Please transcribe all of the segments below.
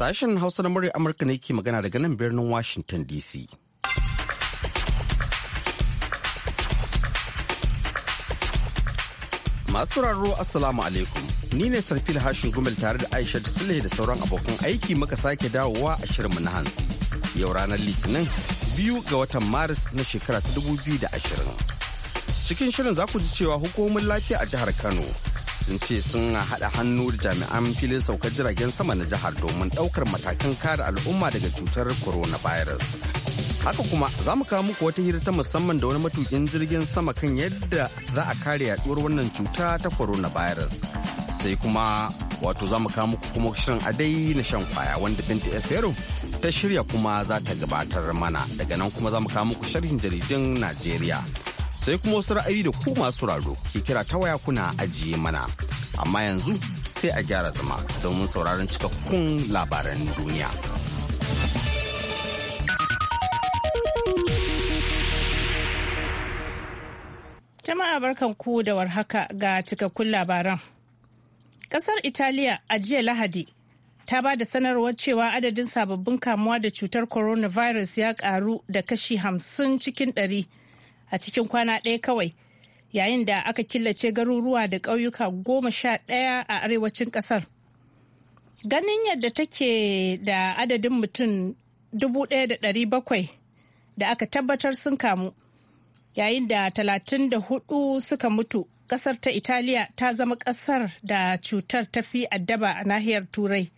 Sashen Hausa na murya Amurka ne ke magana daga nan birnin Washington DC. Masu raro Assalamu alaikum. Ni ne Sarfil Hashin Gumel tare da Aisha Sule da sauran abokan aiki muka sake dawowa a shirinmu na hantsi. Yau ranar Litinin biyu ga watan Maris na shekara ta 2020. Cikin shirin za ku ji cewa hukumomin lafiya a jihar Kano sun ce sun haɗa hannu da jami'an filin saukar jiragen sama na jihar domin ɗaukar matakan kare al'umma daga cutar coronavirus. Haka kuma za mu kawo muku wata hira ta musamman da wani matukin jirgin sama kan yadda za a kare yaduwar wannan cuta ta coronavirus. Sai kuma wato za mu kawo muku kuma shirin adai na shan kwaya wanda Binta Esero ta shirya kuma za ta gabatar mana daga nan kuma za mu kawo muku sharhin jaridun Najeriya. sai kuma wasu ra'ayi da ku masu raro ke kira ta waya kuna ajiye mana amma yanzu sai a gyara zama domin sauraron cikakkun labaran duniya jama'a barkan ku da warhaka ga cikakkun labaran kasar italiya a jiya lahadi ta ba da sanarwar cewa adadin sababbin kamuwa da cutar coronavirus ya karu da kashi hamsin cikin ɗari a cikin kwana ɗaya kawai yayin da aka killace garuruwa da ƙauyuka goma sha ɗaya a arewacin ƙasar ganin yadda take da adadin mutum dubu ɗaya da ɗari bakwai da aka tabbatar sun kamu yayin da talatin da 34 suka mutu ƙasar ta italiya ta zama ƙasar da cutar ta fi addaba a nahiyar turai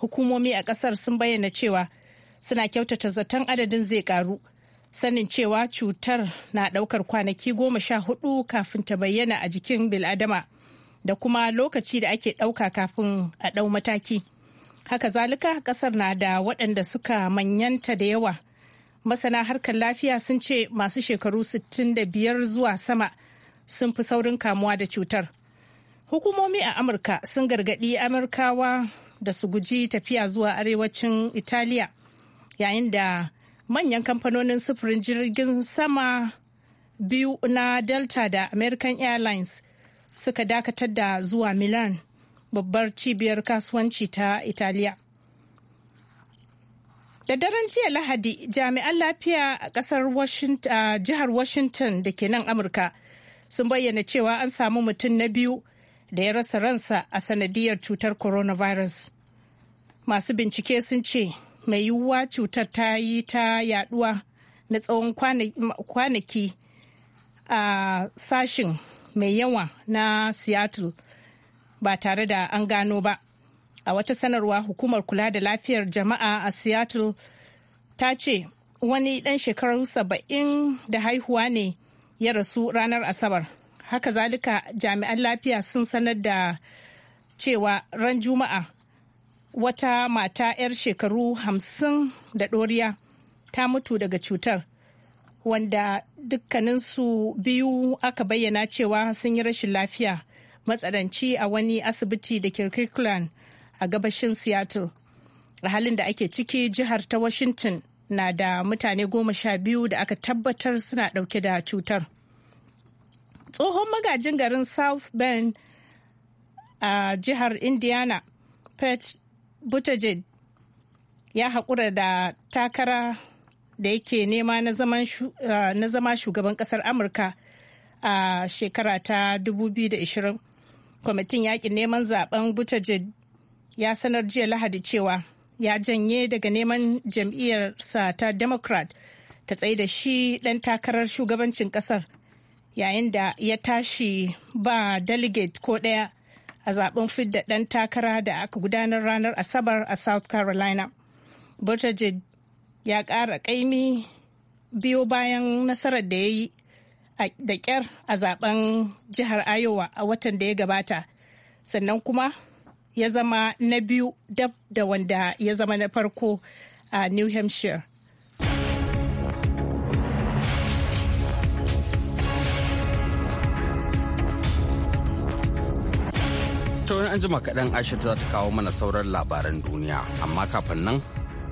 hukumomi a ƙasar sun bayyana cewa suna kyautata zaton adadin zai ƙaru. sanin cewa cutar na ɗaukar kwanaki goma sha hudu kafin ta bayyana a jikin biladama da kuma lokaci da ake ɗauka kafin a ɗau mataki haka zalika ƙasar na da waɗanda suka manyanta da yawa masana harkar lafiya sun ce masu shekaru 65 zuwa sama sun fi saurin kamuwa da cutar hukumomi a amurka sun gargaɗi amurkawa da su guji tafiya zuwa arewacin italiya yayin da manyan kamfanonin sufurin jirgin sama biyu na delta da american airlines suka dakatar da zuwa milan babbar cibiyar kasuwanci ta italiya da daren jiya lahadi jami'an lafiya a kasar jihar washington da ke nan amurka sun bayyana cewa an samu mutum na biyu da ya rasa ransa a sanadiyar cutar coronavirus masu bincike sun ce mai yiwuwa cutar ta yi ta yaduwa na tsawon kwanaki a sashin mai yawa na seattle ba tare da an gano ba a wata sanarwa hukumar kula da lafiyar jama'a a seattle ta ce wani ɗan shekaru saba'in da haihuwa ne ya rasu ranar asabar haka zalika jami'an lafiya sun sanar da cewa ran juma'a wata mata 'yar shekaru hamsin da ɗoriya ta mutu daga cutar wanda dukkaninsu biyu aka bayyana cewa sun yi rashin lafiya matsananci a wani asibiti da kirkland a gabashin seattle a halin da ake ciki jihar ta washington na da mutane goma sha biyu da aka tabbatar suna ɗauke da cutar tsohon magajin garin south bend a jihar indiana pet Buttigieg ya haƙura da takara da yake nema na uh, zama shugaban ƙasar Amurka a shekara ta 2020. Kwamitin yaƙin neman zaben Buttigieg ya sanar jiya Lahadi cewa ya janye daga neman jam'iyyarsa ta Democrat ta tsaye da shi ɗan takarar shugabancin ƙasar yayin da ya tashi ba delegate ko ɗaya. a zaben fidda ɗan takara da aka gudanar ranar Asabar a South Carolina. Buttigieg ya ƙara ƙaimi biyo bayan nasarar da ya yi da ƙyar a zaben jihar Iowa a watan da ya gabata. Sannan kuma ya zama na biyu dab da wanda ya zama na farko a New Hampshire. an jima kaɗan aisha za ta kawo mana sauran labaran duniya amma kafin nan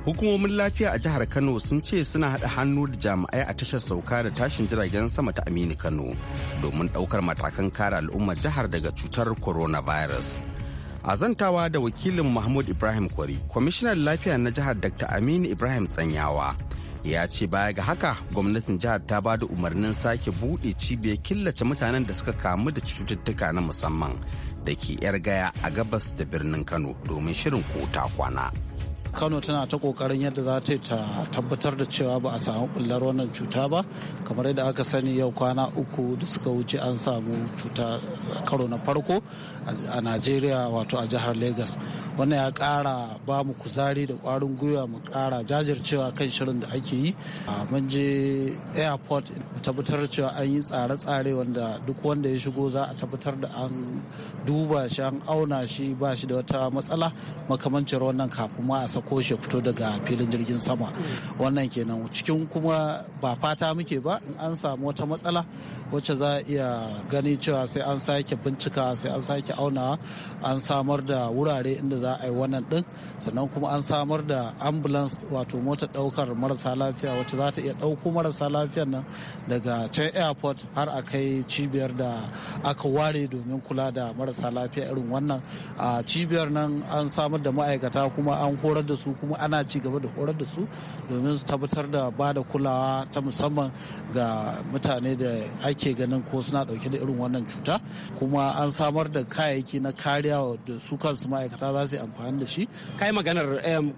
hukumomin lafiya a jihar kano sun ce suna haɗa hannu da jami'ai a tashar sauka da tashin jiragen sama ta aminu kano domin ɗaukar matakan kare al'umma jihar daga cutar coronavirus a zantawa da wakilin mahmud ibrahim kwari kwamishinan lafiya na jihar dr aminu ibrahim tsanyawa ya ce baya ga haka gwamnatin jihar ta ba da umarnin sake buɗe cibiyar killace mutanen da suka kamu da cututtuka na musamman da ke 'yar gaya a gabas da birnin Kano domin shirin kota kwana. kano tana ta kokarin yadda za ta ta tabbatar da cewa ba a samu bullar wannan cuta ba kamar yadda aka sani yau kwana uku da suka wuce an samu cuta karo na farko a najeriya wato a jihar lagos wannan ya kara ba mu kuzari da kwarin gwiwa mu kara jajircewa kan shirin da ake yi mun je airport tabbatar da cewa an yi tsare-tsare wanda duk wanda ya shigo za a tabbatar da an duba shi an auna shi ba shi da wata matsala makamancin wannan kafin ma a sako shi fito daga filin jirgin sama wannan kenan cikin kuma ba fata muke ba in an samu wata matsala wacce za a iya gani cewa sai an sake bincika sai an sake auna an samar da wurare inda za a yi wannan din sannan kuma an samar da ambulance wato mota daukar marasa lafiya wacce za ta iya dauko marasa lafiyan nan daga can airport har a kai cibiyar da aka ware domin kula da marasa lafiya irin wannan a cibiyar nan an samar da ma'aikata kuma an horar da su kuma ana ci gaba da horar da su domin su tabbatar da ba da kulawa ta musamman ga mutane da ake ake ganin ko suna dauke da irin wannan cuta kuma an samar da kayayyaki na kariya da su kansu ma'aikata za su yi amfani da shi kai maganar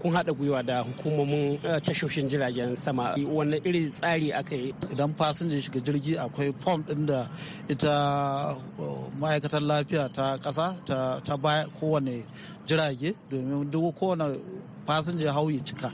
kun haɗa gwiwa da hukumomin eh, tashoshin jiragen sama wannan irin tsari aka yi idan fasinja shiga jirgi akwai fom ɗin da ita eh, ma'aikatar lafiya ta ƙasa ta baya kowane jirage domin duk kowane fasinja hau ya cika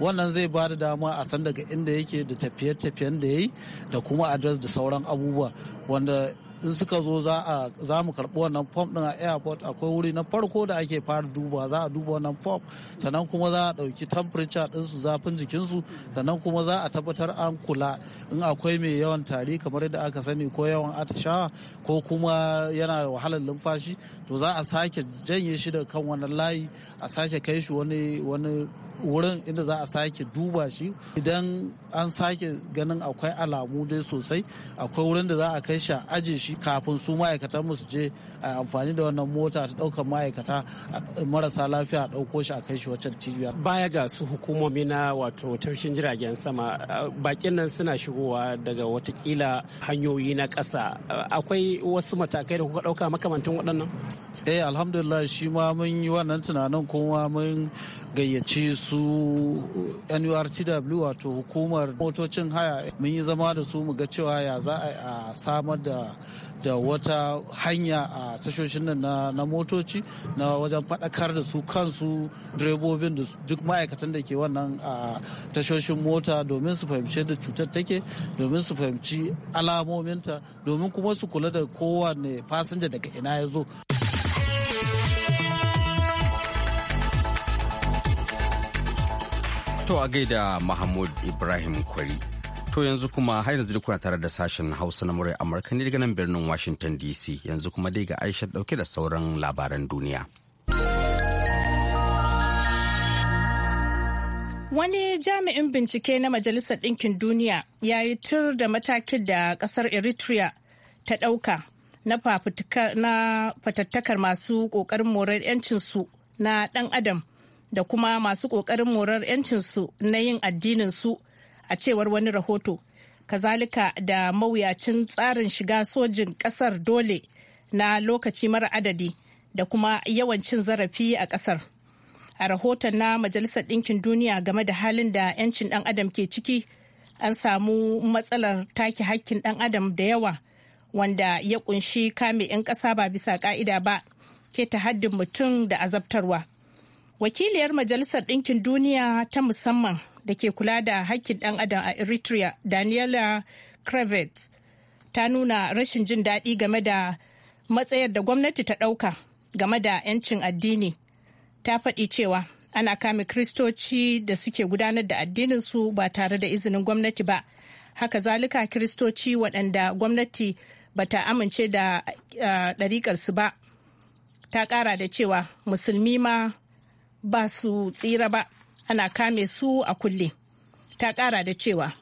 wannan zai ba da dama a san daga inda yake da tafiye-tafiyen da ya yi da kuma adres da sauran abubuwa wanda in suka zo za mu karɓi wannan fom ɗin a airport akwai wuri na farko da ake fara duba za a duba wannan fom sannan kuma za a ɗauki temperature su zafin jikin su sannan kuma za a tabbatar an kula in akwai mai yawan tari kamar yadda aka sani ko yawan atishawa ko kuma yana wahalar numfashi to za a sake janye shi da kan wannan layi a sake kai shi wani wani wurin inda za a sake duba shi idan an sake ganin akwai alamu dai sosai akwai wurin da za a kai shi a aje shi kafin su ma'aikatan musu je a amfani da wannan mota ta ɗaukar ma'aikata marasa lafiya a ɗauko shi a kai shi waccan cibiya. Baya ga su hukumomi na wato taushin jiragen sama bakin nan suna shigowa daga watakila hanyoyi na ƙasa akwai wasu matakai da kuka ɗauka makamantan waɗannan? Eh alhamdulillah shi ma mun yi wannan tunanin kuma mun gayyace su su nurtw wato hukumar motocin haya mun yi zama da su mu ga cewa ya za a samar da da wata hanya a tashoshin nan na motoci na wajen faɗakar da su kansu direbobin da duk ma'aikatan da ke wannan a tashoshin mota domin su fahimci da cutar take domin su fahimci alamominta domin kuma su kula da kowane fasinja daga ina ya zo. To a gaida Mahmud Ibrahim Kwari. To yanzu kuma har yanzu kuna tare da sashen Hausa na murai Amurka ne daga nan birnin Washington DC yanzu kuma dai ga Aisha dauke da sauran labaran duniya. Wani jami'in bincike na Majalisar Ɗinkin Duniya ya yi tur da matakin da ƙasar Eritrea ta ɗauka na fatattakar masu ƙoƙarin morar 'yancinsu na ɗan adam da kuma masu ƙoƙarin morar 'yancinsu na yin addininsu a cewar wani rahoto kazalika da mawuyacin tsarin shiga sojin ƙasar dole na lokaci mara adadi da kuma yawan cin zarafi a ƙasar a rahoton na majalisar ɗinkin duniya game da halin da 'yancin ɗan adam ke ciki an samu matsalar take hakkin ɗan adam da yawa wanda ya kunshi kame 'yan ƙasa ba bisa ƙa'ida ba ke ta haddin mutum da azabtarwa wakiliyar majalisar ɗinkin duniya ta musamman da ke kula da haƙƙin ɗan adam a eritrea daniela kravitz ta nuna rashin jin daɗi game da matsayar da gwamnati ta ɗauka game da 'yancin addini ta faɗi cewa ana kame kristoci da suke gudanar da addininsu ba tare da izinin gwamnati ba haka zalika kristoci waɗanda gwamnati ba ta amince da eh, ɗariƙarsu ba ta ƙara da cewa musulmi ma ba su tsira ba ana kame su a kulle ta kara da cewa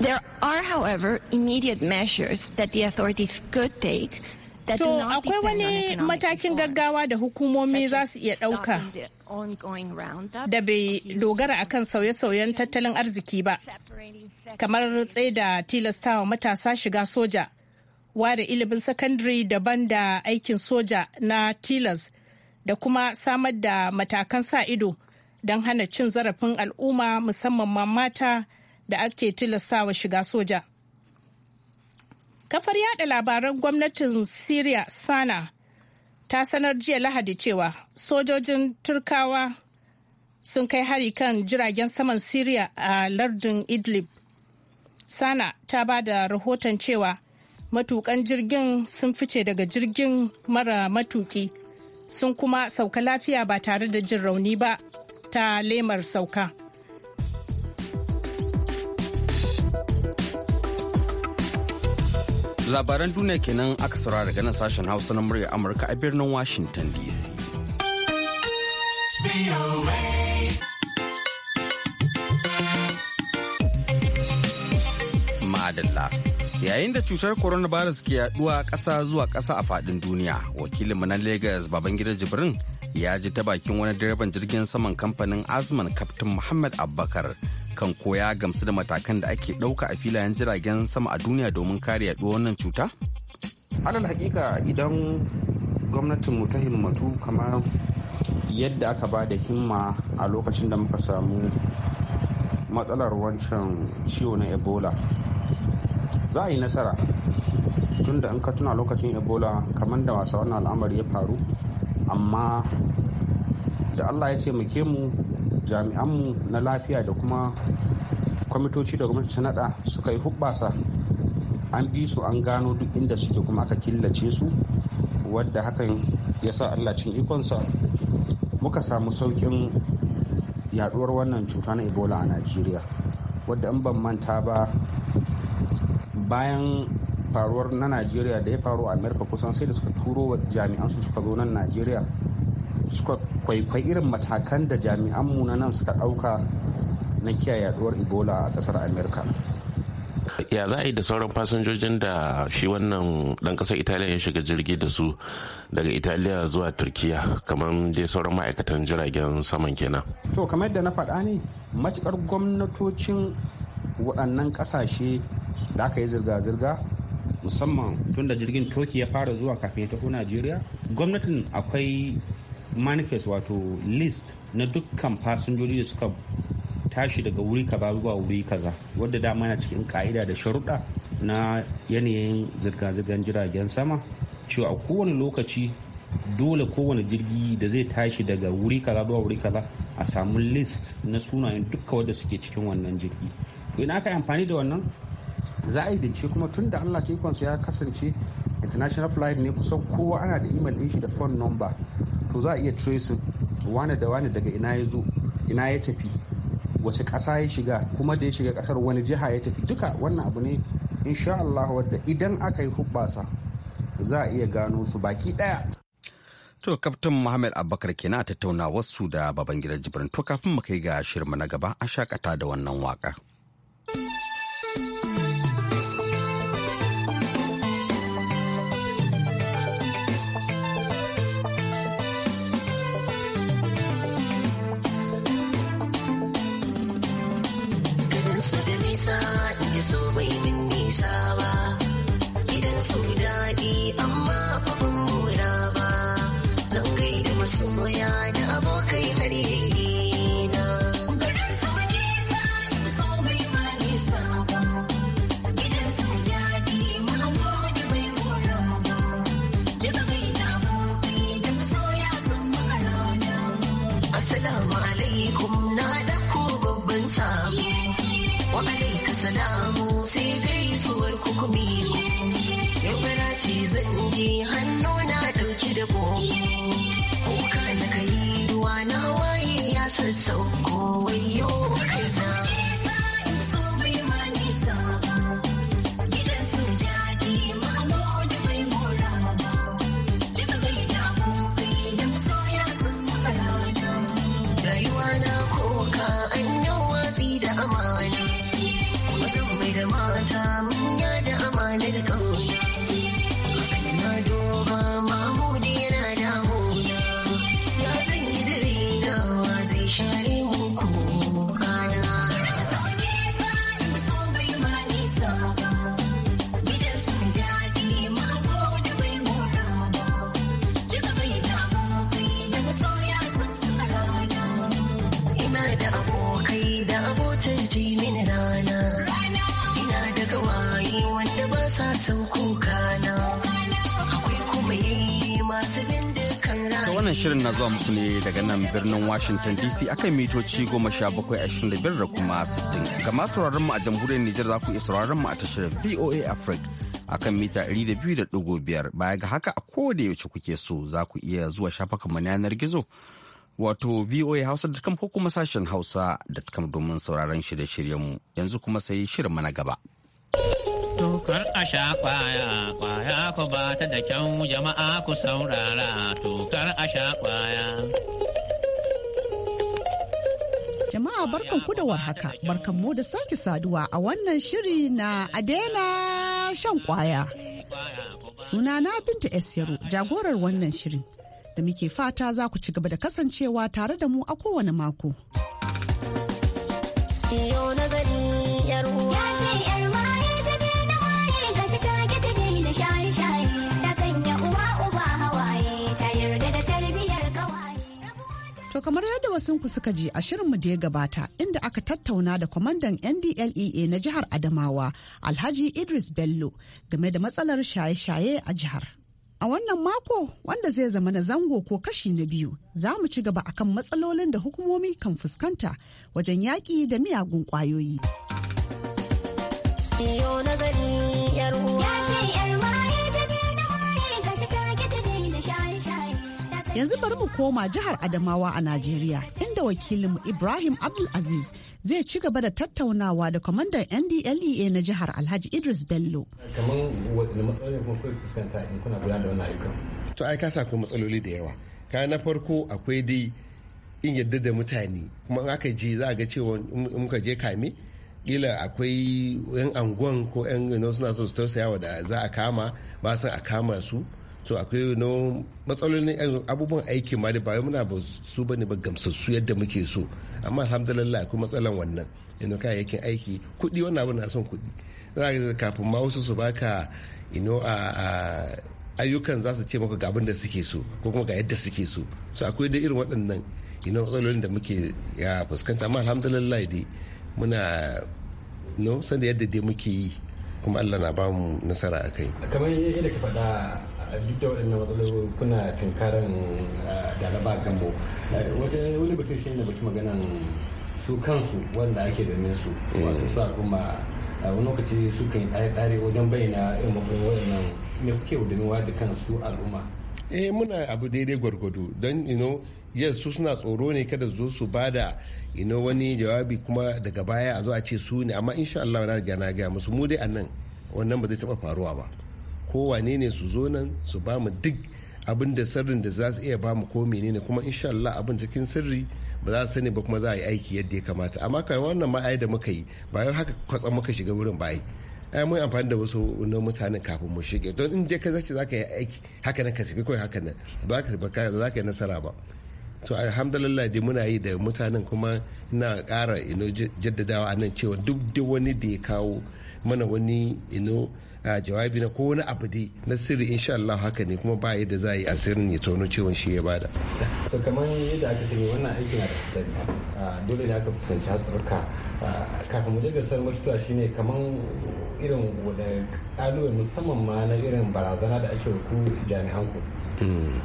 There are, however, immediate measures that the authorities could take To akwai wani matakin gaggawa da hukumomi za su iya ɗauka da bai dogara akan sauye-sauyen tattalin arziki ba, kamar tsaida tilastawa matasa shiga soja, ware ilimin sakandare daban da aikin soja na tilas da kuma samar da matakan sa ido don hana cin zarafin al'umma musamman ma mata da ake tilastawa shiga soja. Kafar yada labaran gwamnatin Syria Sana ta sanar jiya Lahadi cewa sojojin Turkawa sun kai hari kan jiragen saman Syria a lardin Idlib. Sana ta ba da rahoton cewa matukan jirgin sun fice daga jirgin mara matuki sun kuma sauka lafiya ba tare da jin rauni ba ta lemar sauka. Labaran duniya kenan aka saurara daga nan sashen Hausa na murya Amurka a birnin Washington DC. Madalla. Yayin da cutar coronavirus ke yaduwa kasa zuwa ƙasa a faɗin duniya, wakilinmu na Lagos Babangida Jibrin ya ji ta bakin wani direban jirgin saman kamfanin Azman Captain Muhammad Abubakar kan koya gamsu da matakan da ake ɗauka a filayen jiragen sama a duniya domin kare yaduwa wannan cuta? Alal hakika idan gwamnatin mu ta himmatu kamar yadda aka ba da himma a lokacin da muka samu matsalar wancan ciwo na Ebola za a yi nasara tunda in ka tuna lokacin ebola kamar da wasa wannan al'amari ya faru amma da allah ya taimake mu jami'anmu na lafiya da kuma kwamitoci da gwamnati sanada suka yi hubbasa an bi su an gano duk inda suke kuma aka killace su wadda hakan ya sa allah cin ikonsa muka samu saukin yaduwar wannan cuta na ebola a najeriya wadda in ban manta ba bayan faruwar na najeriya da ya faru a amerika kusan sai da suka turo wa jami'an su suka zo nan najeriya suka kwaikwai irin matakan da jami'an mu na nan suka ɗauka na kiyaye yaduwar ebola a kasar amerika ya za a yi da sauran fasinjojin da shi wannan dan kasar italiya ya shiga jirgi da su daga italiya zuwa turkiya kamar dai sauran ma'aikatan jiragen saman kenan to kamar yadda na faɗa ne matukar gwamnatocin waɗannan ƙasashe da aka yi zirga-zirga musamman tun da jirgin toki ya fara zuwa kafin ya ko najeriya gwamnatin akwai manifest wato list na dukkan fasinjoji da suka tashi daga wuri kaza zuwa wuri kaza wadda dama yana cikin ka'ida da sharuɗa na yanayin zirga-zirgar jiragen sama cewa a kowane lokaci dole kowane jirgi da zai tashi daga wuri kaza zuwa wuri kaza a samu list na sunayen dukkan wadda suke cikin wannan jirgi to ina aka amfani da wannan za a yi bincike kuma tun da allah ikonsa ya kasance international flight ne kusan kowa ana da email din shi da phone number to za a iya tracing wane da wane daga ina ya zo ina ya tafi wace kasa ya shiga kuma da ya shiga kasar wani jiha ya tafi duka wannan abu ne insha Allah wadda idan aka yi hubbasa za a iya gano su baki ɗaya. To kaftin Muhammad Abubakar kenan a tattauna wasu da babangidar Jibrin to kafin mu kai ga shirma na gaba a shakata da wannan waka. nisa in so bai min nisa ba gidan su daɗi amma abin mura ba zan gaida masoya da abokai har daɗi da bai abokai Assalamu alaikum na dako babban sabo. Wa'alaikum salamu sai gaisuwar kukumi yau fara ce zan je hannu na ɗauki da ko kuka na kai ruwa na waye ya sassauko wayo kai zuwa muku ne daga nan birnin Washington DC akan mitoci 1725 da kuma 60. Ga masu mu a jamhuriyar Nijar za ku iya sauraron mu a tashar VOA Africa akan mita 200.5 baya ga haka a koda yaushe kuke so za ku iya zuwa shafakan mu yanar gizo wato hausa voahausa.com ko kuma sashen hausa.com domin sauraron shirye-shiryenmu yanzu kuma sai shirin na gaba. tukar a sha kwaya kwaya ku ba ta da kyau jama'a ku saurara tukar a sha kwaya jama'a barkan ku da warhaka barkan mu da sake saduwa a wannan shiri na adena shan kwaya Suna na binta esiru jagorar wannan shiri da muke fata za ku ci gaba da kasancewa tare da mu a kowane mako. kamar yadda wasu ku suka ji a shirinmu da ya gabata inda aka tattauna da kwamandan NDLEA na jihar Adamawa Alhaji Idris Bello game da matsalar shaye-shaye a jihar. A wannan mako wanda zai zama na zango ko kashi na biyu za mu ci gaba akan matsalolin da hukumomi kan fuskanta wajen yaƙi da miyagun ƙwayoyi. Yanzu bari mu koma jihar Adamawa a Najeriya inda wakilinmu Ibrahim Abdulaziz zai ci gaba da tattaunawa da kwamandan NDLEA na jihar Alhaji Idris Bello. matsaloli da To ai kasa akwai matsaloli da yawa. Kaya na farko akwai dai in yadda da mutane kuma in aka je za a ga cewa in muka je kame kila akwai yan angon ko yan suna son su tausayawa da za a kama ba san a kama su to akwai no matsalolin abubuwan aikin ma ba muna ba su bane ba gamsassu yadda muke so amma alhamdulillah akwai matsalan wannan yanzu kayayyakin aiki kuɗi wannan abu na son kuɗi za ka kafin ma wasu su baka ino a ayyukan za su ce maka ga abin da suke so ko kuma ga yadda suke so so akwai dai irin waɗannan ino matsalolin da muke ya fuskanta amma alhamdulillah dai muna no san da yadda dai muke yi kuma Allah na ba mu nasara akai kamar yadda ka faɗa duk da waɗannan matsaloli kuna tunkaran eh, da raba gambo eh, wani batun shi ne batun maganan su kansu wanda ake da su wato su al'umma eh, wani lokaci su kan ɗare wajen bayyana irin waɗannan me kuke domin da kan su al'umma eh muna abu daidai gwargwado don you know yes su suna tsoro ne kada zo su bada you know wani jawabi kuma daga baya a zo a ce su ne amma insha Allah na gaya musu mu dai nan wannan ba zai taɓa faruwa ba kowane ne su zo nan su ba mu duk abin da sirrin da za su iya ba mu ko menene kuma insha Allah abin cikin sirri ba za sani ba kuma za a yi aiki yadda ya kamata amma kai wannan ma da muka yi ba yau haka kwatsa muka shiga wurin ba ai ai mun amfani da wasu na mutanen kafin mu shige don in je ka zace zaka yi aiki haka nan ka tafi kai haka nan ba ka ba za zaka yi nasara ba to alhamdulillah dai muna yi da mutanen kuma ina kara ino jaddadawa a nan cewa duk da wani da ya kawo mana wani ino jawabi na ko wani abu dai na sirri insha Allah haka ne kuma ba yadda za a yi asirin ya tono ciwon shi ya bada. to kamar yadda aka sani wannan aikin na da fasari dole ne aka fuskanci hatsarka kafin mu je gasar mutuwa shine kamar irin wada kalubale musamman ma na irin barazana da ake ku jami'an ku. Hmm.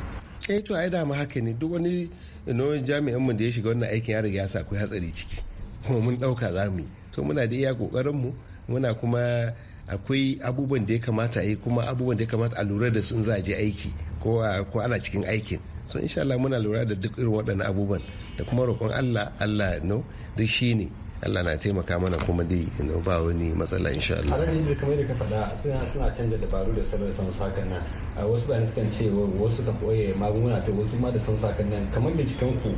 eh to ai dama haka ne duk wani nauyin jami'an mu da ya shiga wannan aikin ya riga ya sa ku hatsari ciki kuma mun ɗauka za mu yi so muna da iya kokarin mu muna kuma akwai abubuwan da ya kamata a yi kuma abubuwan da ya kamata a lura da sun in je aiki ko ana cikin aikin so insha Allah muna lura da duk irin waɗannan abubuwan da kuma roƙon Allah Allah no duk shi ne Allah na taimaka mana kuma dai ina ba wani matsala insha Allah. Allah ne kamar da ka faɗa suna suna canja dabaru da sabar san su nan wasu bayan sukan ce wasu ka koye magunguna to wasu ma da san su nan kamar binciken ku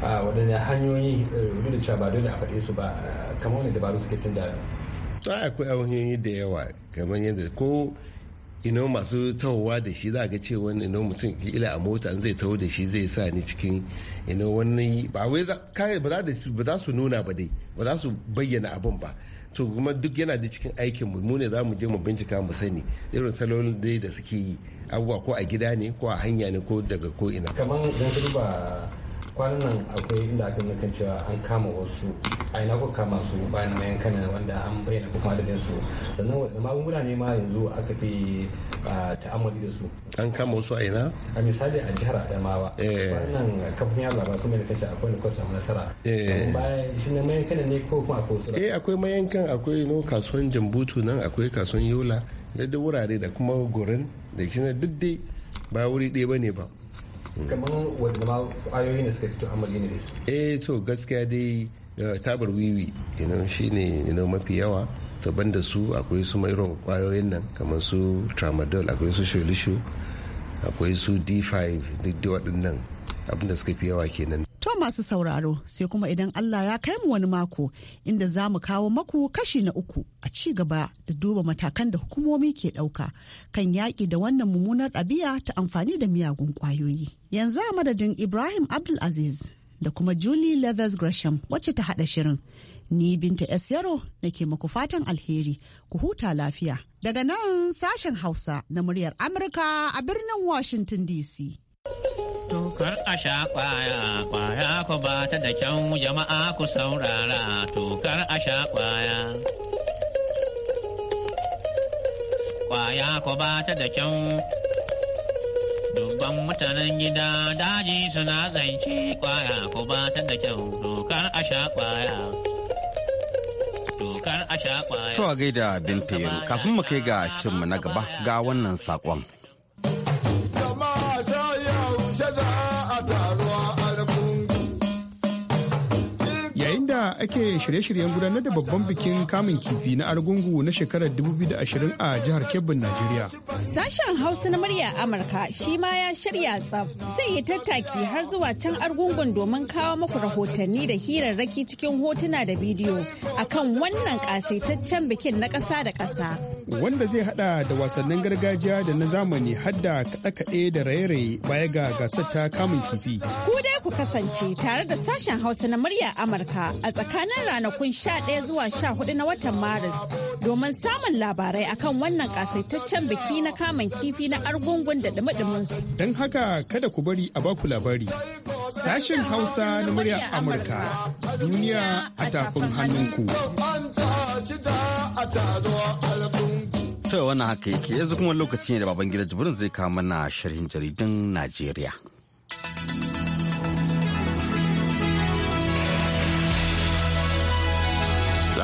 a wadannan hanyoyi eh, duk da ba dole a faɗe su ba kamar wani dabaru suke canja ta akwai hanyoyi da yawa kamar yadda ko ino masu tawowa da shi za ga ce wani ino mutum ila a mota in zai taho da shi zai sa ni cikin ino wani ba wai kare ba za su nuna ba dai ba za su bayyana abin ba to kuma duk yana da cikin aikin mu mu ne za mu je mu bincika mu sani irin salolin dai da suke yi abubuwa ko a gida ne ko a hanya ne ko daga ko ina kamar da duba kwanan nan akwai inda aka nuna cewa an kama wasu a ina ko kama su bayan mayan kana wanda an bayyana kuma adadin su sannan wanda magunguna ne ma yanzu aka fi ta'amali da su an kama wasu a ina a misali a jihar adamawa eh. wannan kafin yaro labarai su mai kace akwai wanda kuka samu nasara eh. bayan shi ne mayan kana ne ko kuma akwai wasu eh akwai mayan kan akwai no kasuwan jambutu nan akwai kasuwan yola da wurare da kuma gurin da shi duk dai ba wuri ɗaya ba ne ba kamar wanda ma kwayoyi ne suka fito amali da su eh to gaskiya dai eh, tabar wiwi shi ne mafi yawa to da su akwai su mairon kwayoyin nan kamar su tramadol akwai su sholisho akwai su d5 duk da waɗannan abinda suka fi yawa kenan To masu sauraro sai kuma idan Allah ya kai mu wani mako inda za mu kawo maku kashi na uku a ci gaba da duba matakan da hukumomi ke ɗauka kan yaƙi da wannan mummunar ɗabi'a ta amfani da miyagun ƙwayoyi. Yanzu a madadin Ibrahim Abdulaziz da kuma Julie Leathers Gresham wacce ta haɗa shirin. Ni Binta S. Yaro na ke maku fatan alheri ku huta lafiya. Daga nan sashen Hausa na muryar Amurka a birnin Washington DC. kar a sha kwaya kwaya ku ba ta da kyau jama'a ku saurara to kar a sha kwaya kwaya ku ba ta da kyau dubban mutanen gida daji suna zance kwaya ku ba ta da kyau dokar a sha kwaya dokar a sha kwaya to a gaida binta kafin mu kai ga mu na gaba ga wannan saƙon. ake shirye-shiryen gudanar da babban bikin kamun kifi na argungu na shekarar 2020 a jihar Kebbin, Najeriya. Sashen Hausa na murya Amurka shi ma ya shirya tsaf zai yi tattaki har zuwa can argungun domin kawo muku rahotanni da hirarraki cikin hotuna da bidiyo akan wannan kasaitaccen bikin na ƙasa da ƙasa. Wanda zai hada da wasannin gargajiya da na zamani hadda kaɗe-kaɗe da raye-raye baya ga gasar ta kamun kifi. Ku dai ku kasance tare da sashen Hausa na murya Amurka a tsakanin tsakanin ranakun 11 zuwa 14 na watan Maris domin samun labarai akan wannan kasaitaccen biki na kamun kifi na argungun da dumudumin su. Don haka kada ku bari a baku labari. Sashen Hausa na muryar Amurka duniya a tafin hannunku. To wannan haka yake yanzu kuma lokaci ne da baban gida jibrin zai kawo mana sharhin jaridun Najeriya.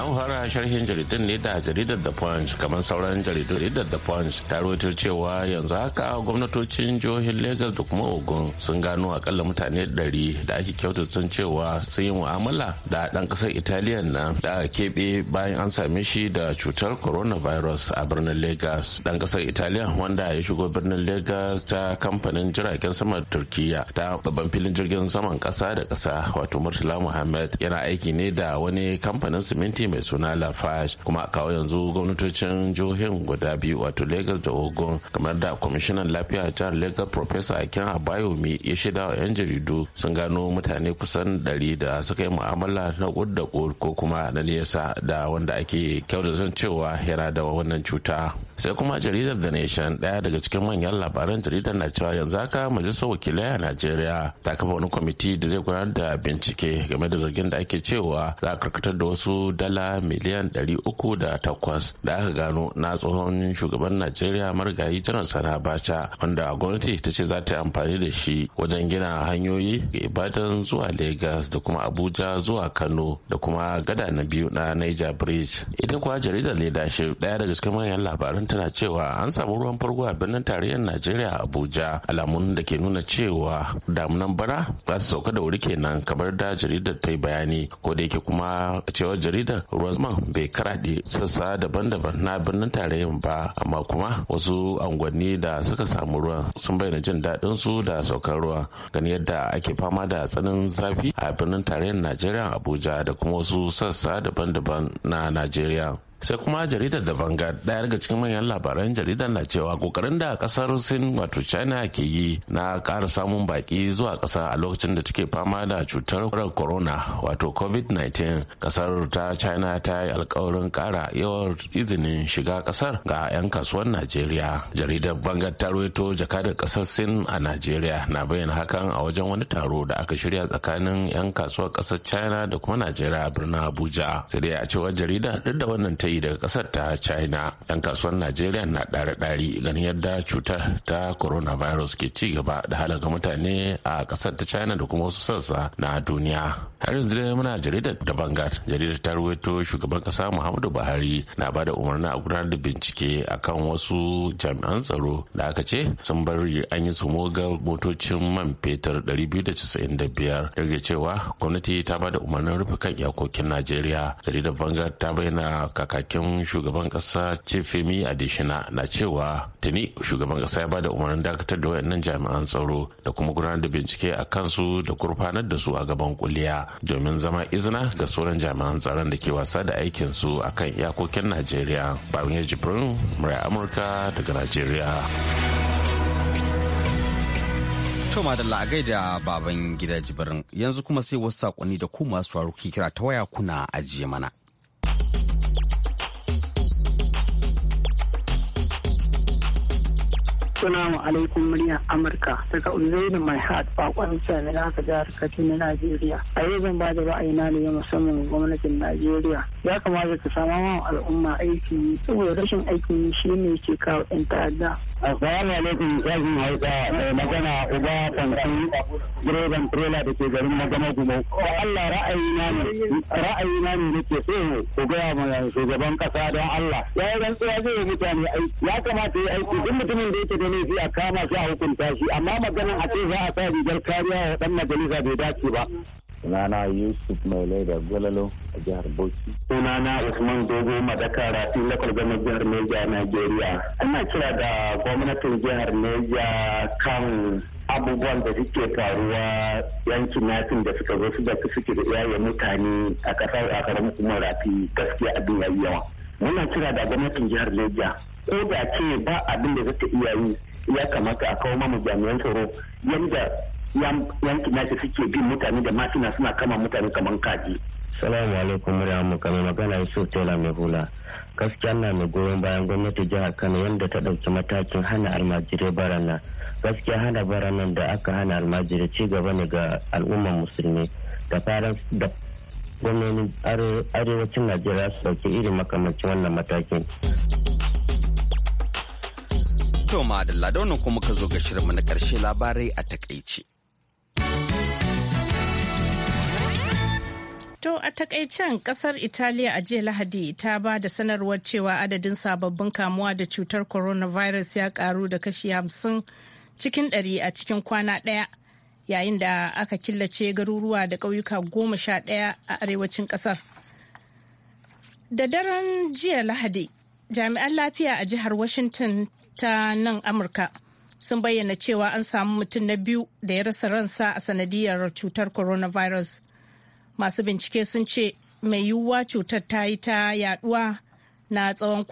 mu fara sharhin jaridun ne da jaridar The Punch kamar sauran jaridun jaridar The Punch ta rawaito cewa yanzu haka gwamnatocin jihohin Legas da kuma Ogun sun gano akalla mutane dari da ake sun cewa sun yi mu'amala da dan kasar Italiya na da keɓe bayan an same shi da cutar coronavirus a birnin Legas. Dan ƙasar Italiya wanda ya shigo birnin Legas ta kamfanin jiragen sama Turkiya ta babban filin jirgin saman kasa da kasa wato Murtala Muhammad yana aiki ne da wani kamfanin siminti mai mai suna lafash kuma a kawo yanzu gwamnatocin jihohin guda biyu wato lagos da ogun kamar da kwamishinan lafiya a jihar lagos professor akin abayomi ya shaida wa 'yan jaridu sun gano mutane kusan 100 da suka yi mu'amala na ko kuma na nesa da wanda ake kyauta zan cewa yana da wannan cuta sai kuma jaridar the nation daya daga cikin manyan labaran jaridar na cewa yanzu haka majalisar wakilai a najeriya ta kafa wani kwamiti da zai gudanar da bincike game da zargin da ake cewa za a karkatar da wasu dala miliyan 308 da aka gano na tsohon shugaban najeriya marigayi janar sana bacha wanda gwamnati ta ce za ta yi amfani da shi wajen gina hanyoyi ga ibadan zuwa Legas da kuma abuja zuwa kano da kuma gada na biyu na niger bridge ita kuwa jaridar leadership daya daga cikin manyan labaran tana cewa an samu ruwan farko a birnin tarayyar najeriya abuja alamun da ke nuna cewa damunan bara za su sauka da wuri kenan kamar da jaridar ta yi bayani ko da yake kuma cewa jaridar ruwan bai karaɗe sassa daban-daban na birnin tarayyar ba amma kuma wasu unguwanni da suka samu ruwa sun bayyana jin daɗin su da saukar ruwa gani yadda ake fama da tsanin zafi a birnin tarayyar najeriya abuja da kuma wasu sassa daban-daban na najeriya sai kuma jaridar da banga daya daga cikin manyan labaran jaridar na cewa kokarin da kasar sin wato china ke yi na kara samun baki zuwa kasa a lokacin da take fama da cutar corona wato covid-19 kasar ta china ta yi alkawarin kara yawan izinin shiga kasar ga 'yan kasuwar najeriya jaridar banga ta ruwaito jakadar kasar sin a najeriya na bayyana hakan a wajen wani taro da aka shirya tsakanin 'yan kasuwar kasar china da kuma najeriya birnin abuja sai dai a cewar jarida duk da wannan ta yi daga kasar ta china yan kasuwar najeriya na ɗare-ɗari ganin yadda cutar ta coronavirus ke ci gaba da halaga mutane a kasar ta china da kuma wasu sassa na duniya har yanzu dai muna jaridar da bangar jaridar ta ruwaito shugaban kasa muhammadu buhari na ba da umarni a gudanar da bincike akan wasu jami'an tsaro da aka ce sun bar an yi ga motocin man fetur da biyar. daga cewa gwamnati ta ba da umarnin rufe kan iyakokin najeriya jaridar bangar ta bayyana kaka kakakin shugaban kasa a adishina na cewa tuni shugaban kasa ya bada umarnin dakatar da wayannan jami'an tsaro da kuma gudanar da bincike a kansu da kurfanar da su a gaban kuliya domin zama izina ga sauran jami'an tsaron da ke wasa da aikin su akan iyakokin najeriya babin ya jibrin Murya amurka daga najeriya To madalla a gaida baban gida jibirin yanzu kuma sai wasu sakonni da ku masu kira ta waya kuna ajiye mana Sunamu alaikum murya Amurka daga Uzaini Mai Hat bakon sami haka jihar Katsina Najeriya. A yau zan bada na ne musamman gwamnatin Najeriya. Ya kamata ka sama wani al'umma aiki saboda rashin ne shi ne ke kawo ɗan ta'adda. Assalamu alaikum zafin hausa mai magana uba kwanci direban tirela da ke garin magana gumo. Da Allah ra'ayi na ne ra'ayi na ne nake so ku gaya ma shugaban kasa don Allah. Ya yi rantsuwa zai yi mutane aiki ya kamata ya aiki duk mutumin da yake da ne sai a kama shi a hukunta shi amma maganin a ce za a sa rigar kariya wa dan majalisa bai dace ba sunana yusuf mai laida gwalalo a jihar bauchi sunana usman dogo madaka rafi lakal gwamnan jihar neja nigeria ana kira da gwamnatin jihar neja kan abubuwan da suke faruwa yankin nasin da suka zo su da suke da iyaye mutane a kasar a karamin kuma rafi gaskiya abin yayi yawa muna kira da gwamnatin jihar neja ko da ce ba abin da zata iya yi ya kamata a kawo mamu jami'an tsaro yadda yankin nasu suke bin mutane da masina suna kama mutane kamar kaji. Salamu alaikum murya mu magana Yusuf Tela mai hula. Gaskiya na mai goyon bayan gwamnati jihar Kano yadda ta ɗauki matakin hana almajirai barana. Gaskiya hana baranan da aka hana almajirai ci gaba ne ga al'ummar musulmi. Da fara da arewacin Najeriya su ɗauki irin makamancin wannan matakin. To madalla da wannan kuma ka zo ga shirinmu na karshe labarai a takaice. To a takaicen kasar Italiya a jiya Lahadi ta ba da sanarwar cewa adadin sababbin kamuwa da cutar coronavirus ya karu da kashi hamsin cikin ɗari a cikin kwana ɗaya yayin da aka killace garuruwa da ƙauyuka goma sha ɗaya a arewacin ƙasar. Da daren jiya Lahadi, jami'an lafiya a jihar Washington ta nan amurka sun bayyana cewa an samu mutum na biyu da ya rasa ransa a sanadiyar cutar coronavirus masu bincike sun ce mai yiwuwa cutar ta yi ta yaduwa na tsawon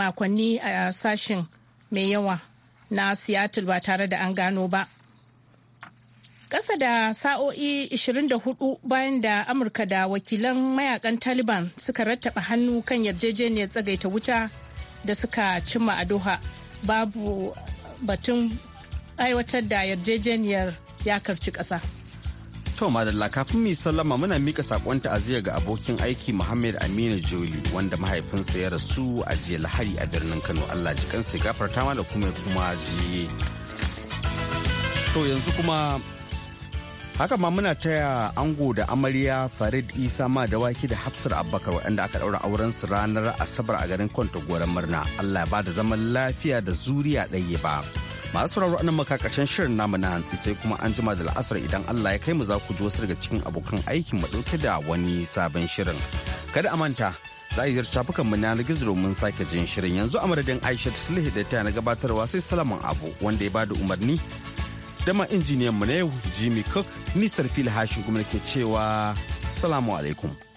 makonni a sashen mai yawa na seattle ba tare da an gano ba Ƙasa da sa'o'i 24 bayan da Amurka da wakilan mayakan Taliban suka rattaba hannu kan yarjejeniyar tsagaita wuta da suka cimma a Doha. babu batun aiwatar da yarjejeniyar ya karci ƙasa. To madalla kafin mu sallama muna mika sakon ta'aziyya ga abokin aiki Muhammad Aminu Joli wanda mahaifinsa ya rasu a jiya Lahari a birnin Kano Allah ji kansa gafarta ma da kuma kuma ji. To yanzu kuma haka ma muna taya ango da amarya farid isa ma da waki da hafsar abbakar waɗanda aka ɗaura auren su ranar asabar a garin goren murna allah ya bada zaman lafiya da zuriya ɗaya ba masu sauraro anan makakashen shirin namu na hantsi sai kuma an jima da la'asar idan allah ya kai mu za ku ji wasu daga cikin abokan aikin mu ɗauke da wani sabon shirin kada a manta za a yi tafukan mu na gizo mun sake jin shirin yanzu a madadin aisha sulhu da ta na gabatarwa sai salamun abu wanda ya bada umarni da ma injiniyanmu na yau Jimmy Cook, Nisar fili Hashin kuma ke cewa Salamu alaikum.